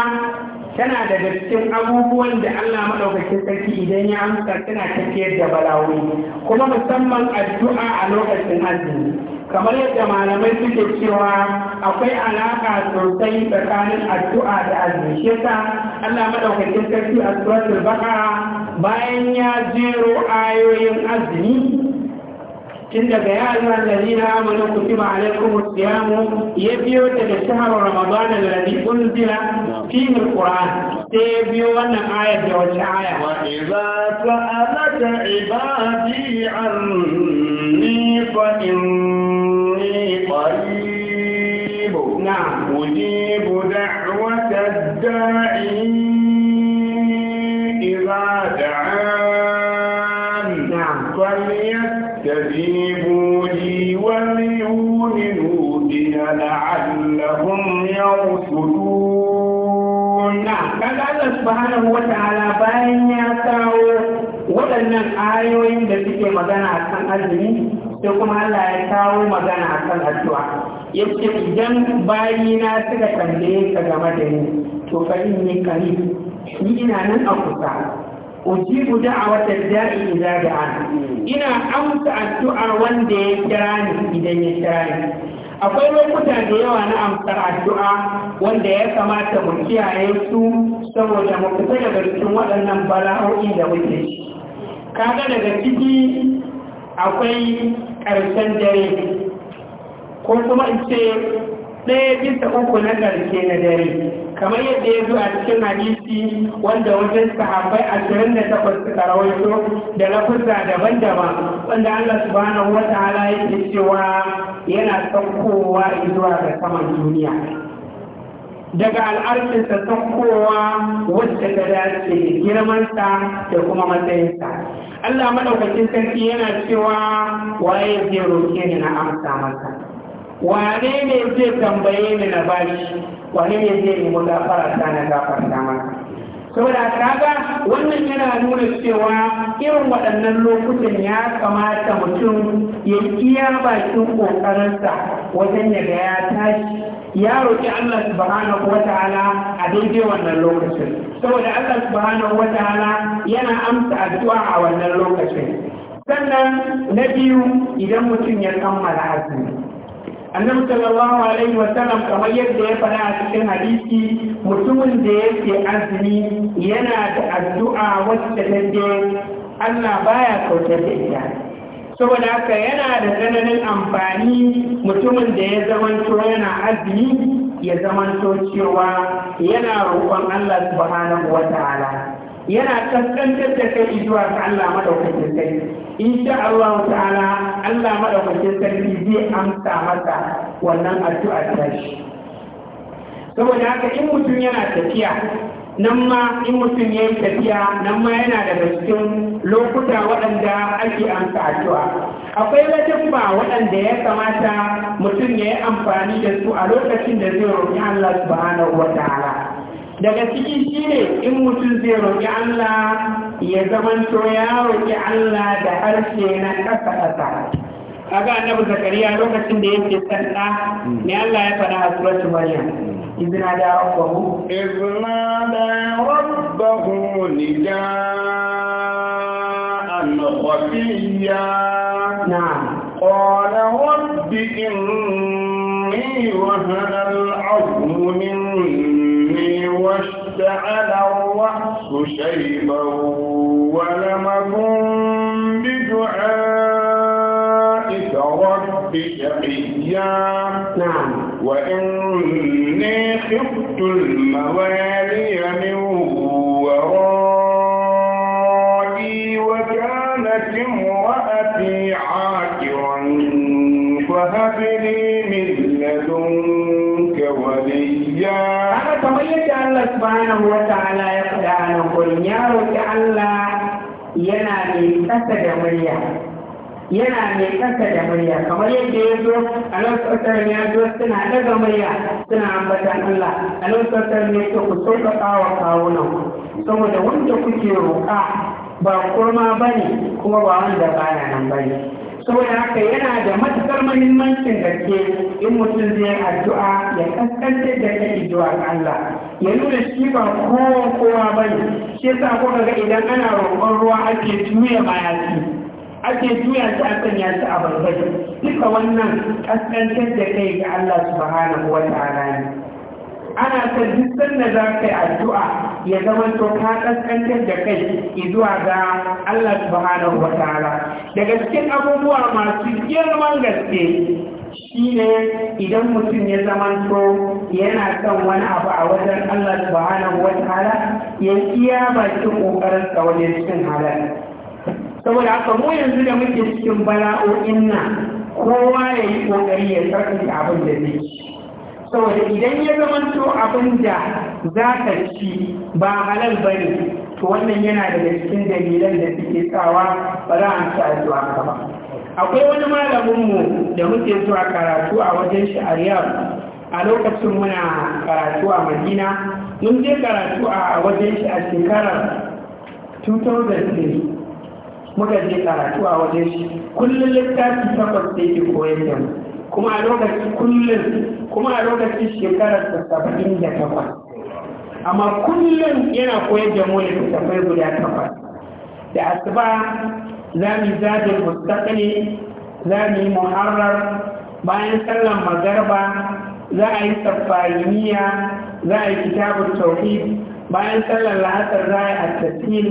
tana da cikin abubuwan da Allah maɗaukakin sarki idan ya amsa tana tafiyar da balawi kuma musamman addu'a a lokacin azumi kamar yadda malamai suke cewa akwai alaƙa sosai tsakanin addu'a da azumi shi yasa Allah maɗaukakin sarki a suratul baqara bayan ya jero ayoyin azumi tun daga ya ayyuha allazina amanu kutiba alaykum as-siyam ya biyo daga shahar ramadan alladhi unzila fihi al-quran sai biyo wannan ayar da wata aya wa idza sa'alaka ibadi anni fa inni qarib na'am ujibu da'wata ad-da'i فاستجيبوا لي وليؤمنوا بي لعلهم يرشدون kaga Allah subhanahu wataala bayan ya kawo waɗannan ayoyin da suke magana a kan azumi sai kuma Allah ya kawo magana a kan addu'a ya ce idan bayina suka tambaye ka game da ni to fa inni qarib ni ina nan a kusa ujibu da'awatar da'i idza da'a ina amsa addu'a wanda ya kira ni idan ya kira ni akwai lokuta da yawa na amsar addu'a wanda ya kamata mu kiyaye su saboda mu fita da cikin waɗannan bala'o'i da muke kaga daga ciki akwai ƙarshen dare ko kuma in ce ɗaya bisa uku na ƙarshe na dare kamar yadda ya zo a cikin hadisi wanda wajen sahabbai ashirin da takwas suka rawaito da lafuzza daban-daban wanda Allah subhanahu wa ta'ala yake cewa yana saukowa zuwa ga saman duniya daga al'arfinsa saukowa wacce ta dace girmansa da kuma matsayinsa Allah maɗaukacin sarki yana cewa waye zai roƙe ni na amsa masa wane ne zai tambaye ni na bari wane ne zai yi nemi gafara ta na gafarta maka saboda kaga wannan yana nuna cewa irin waɗannan lokutan ya kamata mutum ya kiya bakin ƙoƙarinsa wajen ya ga ya tashi ya roƙi Allah subhanahu ta'ala a daidai wannan lokacin saboda Allah subhanahu ta'ala yana amsa addu'a a wannan lokacin sannan na biyu idan mutum ya kammala azumi annabi sallallahu alaihi wa sallam kamar yadda ya faɗa a cikin hadisi mutumin da yake azumi yana da addu'a wacce ta je Allah baya kautar da ita saboda haka yana da tsananin amfani mutumin da ya zamanto yana azumi ya zamanto cewa yana roƙon Allah subhanahu wa ta'ala yana kaskantar da kai zuwa ga Allah madaukakin sarki insha Allah ta'ala Allah madaukakin sarki zai amsa masa wannan addu'a ta shi saboda haka in mutum yana tafiya nan ma in mutum ya yi tafiya nan ma yana da cikin lokuta waɗanda ake amsa addu'a akwai ba waɗanda ya kamata mutum ya yi amfani da su a lokacin da zai roƙi Allah subhanahu wa ta'ala daga ciki ne in mutum zai roƙi Allah ya zamanto ya roƙi Allah da harshe na ƙasa ƙasa kaga annabi zakariya lokacin da yake sanda ne Allah ya faɗa a suratul maryam إذ نادى da إذ نادى ربه نداء خفيا نعم قال رب إني وهن العظم مني جعل الرأس شيبا ولم كن بدعائك رب شقيا نعم. وإني خفت الموالي من ورائي وكانت امرأتي عاكرا فهب لي من لدنك وليا kamar yadda Allah subhanahu wa ta'ala ya faɗa a nan gurin Allah yana mai ƙasa da murya yana mai ƙasa da murya kamar yadda ya zo a lokacin ya zo suna ɗaga murya suna ambatan Allah a lokacin ya ce ku sauƙaƙa wa kawunan saboda wanda kuke roƙa ba kurma bane kuma ba wanda baya nan bane saboda haka yana da matukar mahimmancin gaske in mutum zai addu'a ya kaskantar da yi zuwa ga Allah ya nuna shi ba kowa kowa ne, shi yasa kuka ga idan ana roƙon ruwa ake tuya mayafi ake juya shi a sanya shi a barbaci duka wannan kaskantar da kai ga Allah subhanahu wa ta'ala ne ana ta duk sanda za ka yi addu'a ya zama to ka kaskantar da kai zuwa ga Allah subhanahu wa ta'ala daga cikin abubuwa masu girman gaske shine idan mutum ya zama to yana son wani abu a wajen Allah subhanahu wa ta'ala ya iya bakin kokarin sa wajen cin halal saboda haka mu yanzu da muke cikin bala'o'in nan kowa ya yi kokari ya sarkace abin da zai saboda idan ya zamanto abin da za ka ci ba halal ba ne to wannan yana daga cikin dalilan da suke tsawa ba za a ci addu'a ka ba akwai wani malaminmu da muke zuwa karatu a wajen shi a a lokacin muna karatu a madina mun je karatu a wajen shi a shekarar 2003 muka je karatu a wajen shi kullum littafi takwas da yake koyar da mu kuma a lokacin kullum kuma a lokacin shekarar da saba'in da takwas amma kullum yana koyar da mu littattafai guda takwas da asuba za mu zabe zajin mustaƙali za mu yi muharrar bayan sallan magarba za a yi safariniya za a yi kitabun tauhid bayan sallar la'asar za a yi attasir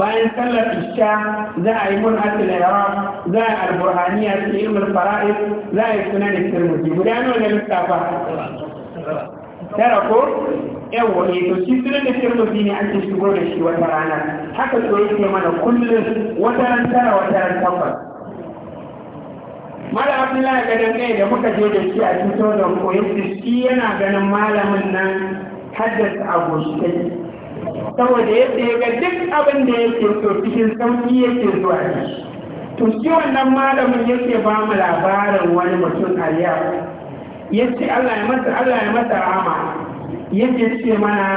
bayan sallar isha za a yi na yawa, za a yi alburhaniya yi ilmin fara'id za a yi da tirmidhi guda nawa ne lissafa tara ko yawa ne eh, to shi da tirmidhi ne ake shigo da shi wata rana haka to yake mana kullum wata ran tara wata ran takwas mala abdullahi gadan kai da muka je da shi a 2008 shi yana ganin malamin nan haddasa abokai saboda yadda ya ga duk abin da yake so cikin sauki yake zuwa shi to shi wannan malamin ya ke ba mu labarin wani mutum a yau ya ce Allah ya masa Allah ya masa rama ya ce mana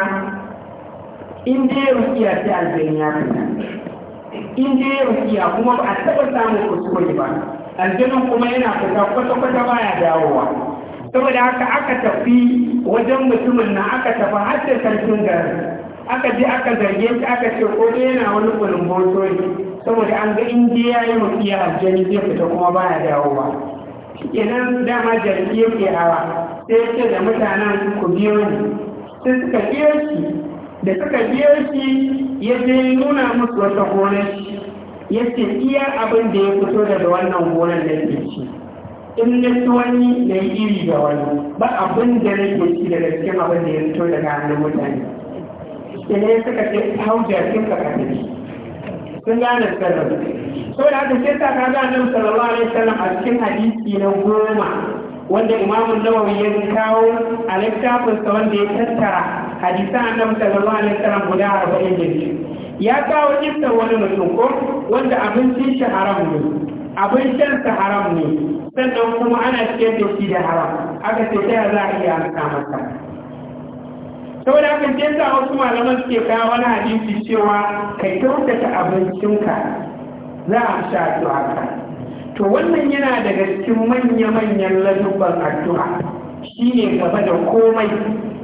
in rufi ya ce aljihun ya fita in rufi ya kuma ba a taɓa samun kusurwa ba aljihun kuma yana kusa kwata-kwata baya dawowa saboda haka aka tafi wajen mutumin nan, aka tafi har da sarkin gari aka je aka zarge shi aka ce ko dai yana wani gulin motori saboda an ga in dai ya yi iya ya aljani zai fita kuma baya dawowa kenan dama jarki yake hawa sai ce da mutanen ku biyo ni sai suka biyo shi da suka biyo shi ya je nuna musu wata gonar shi ya ce iya abin da ya fito daga wannan gonar da ke ci in na ci wani na yi iri da wani ba abin da ke ci daga cikin abin da ya fito daga hannun mutane idan ya suka ce haujar sun ka kasance sun gane sallam da haka sai ta kaga nan sallallahu alaihi wasallam a cikin hadisi na goma wanda imamu nawawi ya kawo a littafinsa wanda ya tattara hadisan annabi sallallahu alaihi wasallam guda arba'in da biyu ya kawo kisan wani mutum ko wanda abincin shi haram ne abin shansa haram ne sannan kuma ana ciyar da shi da haram aka ce ta za a iya amsa masa saboda haka ce sa wasu malaman suke kawo wani hadisi cewa kai kyautata abincinka za a sha addu'a ka to wannan yana daga cikin manya-manyan ladubban addu'a shine gaba da komai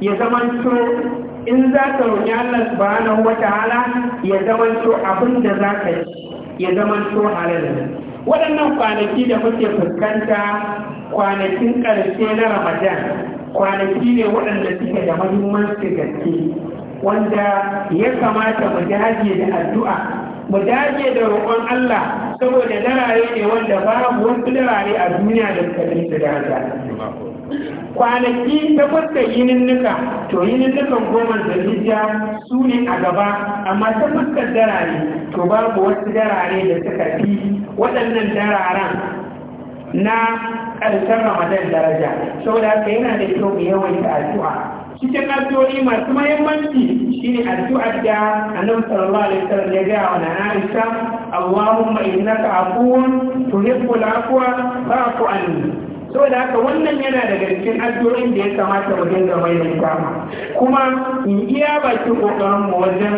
ya zamanto in za ka roƙi Allah subhanahu hala, ya zamanto abin da za ka ci ya zamanto halal waɗannan kwanaki da muke fuskanta kwanakin ƙarshe na ramadan kwanaki ne waɗanda suke da mahimmanci gaske wanda ya kamata mu dage da addu'a mu dage da roƙon Allah saboda darare ne wanda babu wasu darare a duniya da suka da haka kwanaki takwas da yininnuka to yininnukan goma da zulhijja su ne a gaba amma ta fuskar darare to babu wasu darare da suka fi waɗannan dararen na ƙarshen ramadan daraja Sau da haka yana da kyau yawan ta addu'a cikin addu'o'i masu mahimmanci shine addu'ar da annabi sallallahu alaihi wasallam ya ga wa nana Aisha Allahumma innaka afuwun tuhibbul afwa fa'fu anni saboda haka wannan yana daga cikin addu'o'in da ya kamata mu dinga mai maimaita kuma in iya baki kokarin mu wajen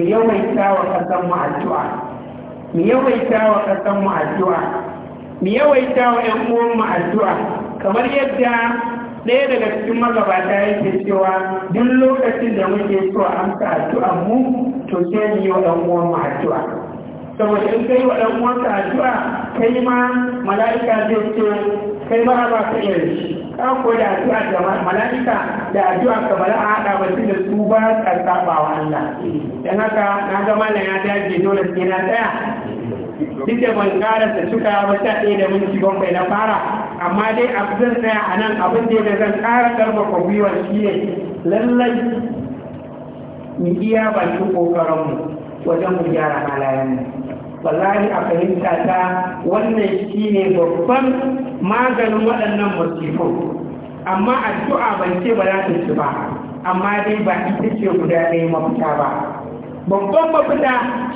mu yawaita wa kasan mu addu'a mu yawaita wa kasan mu addu'a mu yawaita wa uwan mu addu'a kamar yadda ɗaya daga cikin magabata yake cewa duk lokacin da muke so amsa addu'a mu to sai mu yi wa ɗan uwan mu addu'a saboda in kai wa ɗan uwanka addu'a kai ma mala'ika zai ce kai ma ba ka iya shi ka ko da addu'a da mala'ika da addu'a ka bala a haɗa mutum da su ba ka saba wa Allah dan haka na ga mallan ya dace dole sai na tsaya duk da ban ta suka ba ta ɗaya da minti bakwai na fara amma dai abu zan tsaya a nan abin da zan ƙara ƙarfafa gwiwar shi ne lallai ni iya bakin mu wajen mu gyara halayen wallahi a fahimta ta wannan ne babban maganin waɗannan masifo amma addu'a ban ce ba za ta ci ba amma dai ba ita ce guda ɗaya mafita ba babban mafita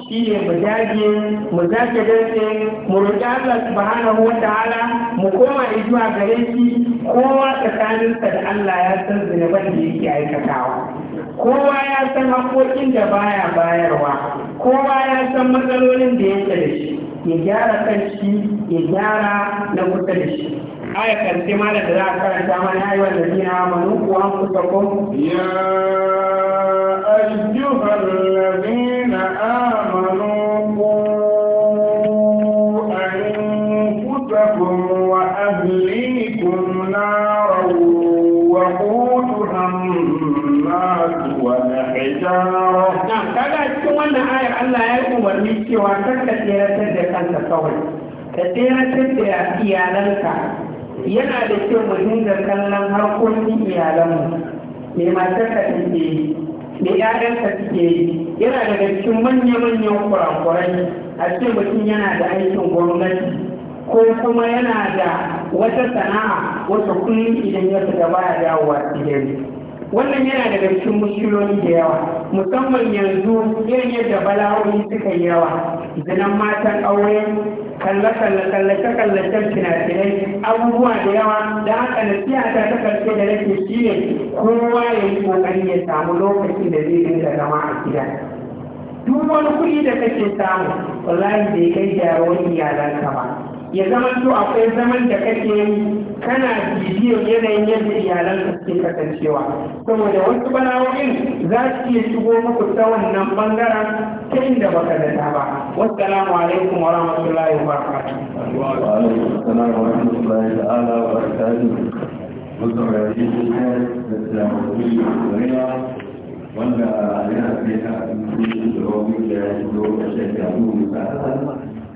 shi ne mu dage mu zage dace mu roƙi Allah subhanahu wa ta'ala mu koma zuwa gare shi kowa tsakaninsa da Allah ya san zinaban da yake aikatawa kowa ya san haƙoƙin da baya bayarwa kowa ya san matsalolin da yake da shi ya gyara kanshi ya gyara na kusa da shi aya karshe ma da za a karanta mana ya yi wa lalina amanu kuwa kusa ko ya ayyuhar lalina umarni cewa kan ka tseratar da kanka kawai ka tseratar da iyalanka yana da kyau mu dinga kallon harkokin iyalanmu me matarka take yi me ƴaƴanka suke yi yana daga cikin manya-manyan kurakurai a cikin mutum yana da aikin gwamnati ko kuma yana da wata sana'a wata kullum idan ya fita baya dawowa cikin wannan yana da cikin mushkiloli da yawa musamman yanzu irin yadda bala'o'i suka yi yawa zinan matan aure kalle kalle abubuwa da yawa da haka na ta ta karshe da nake shi ne kowa ya yi kokari ya samu lokaci da zai dinga zama a gida duk wani kuɗi da kake samu wallahi bai kai da wani iyalanka ba ya zama to akwai zaman da kake yi kana bibiyon yanayin yadda iyalan suke kasancewa saboda wasu bala'o'in za su iya shigo muku ta wannan bangaren ta inda baka da ta ba wassalamu alaikum wa rahmatullahi wa barakatuh wa alaikum assalam da tsamuri da da ya shigo da shekaru da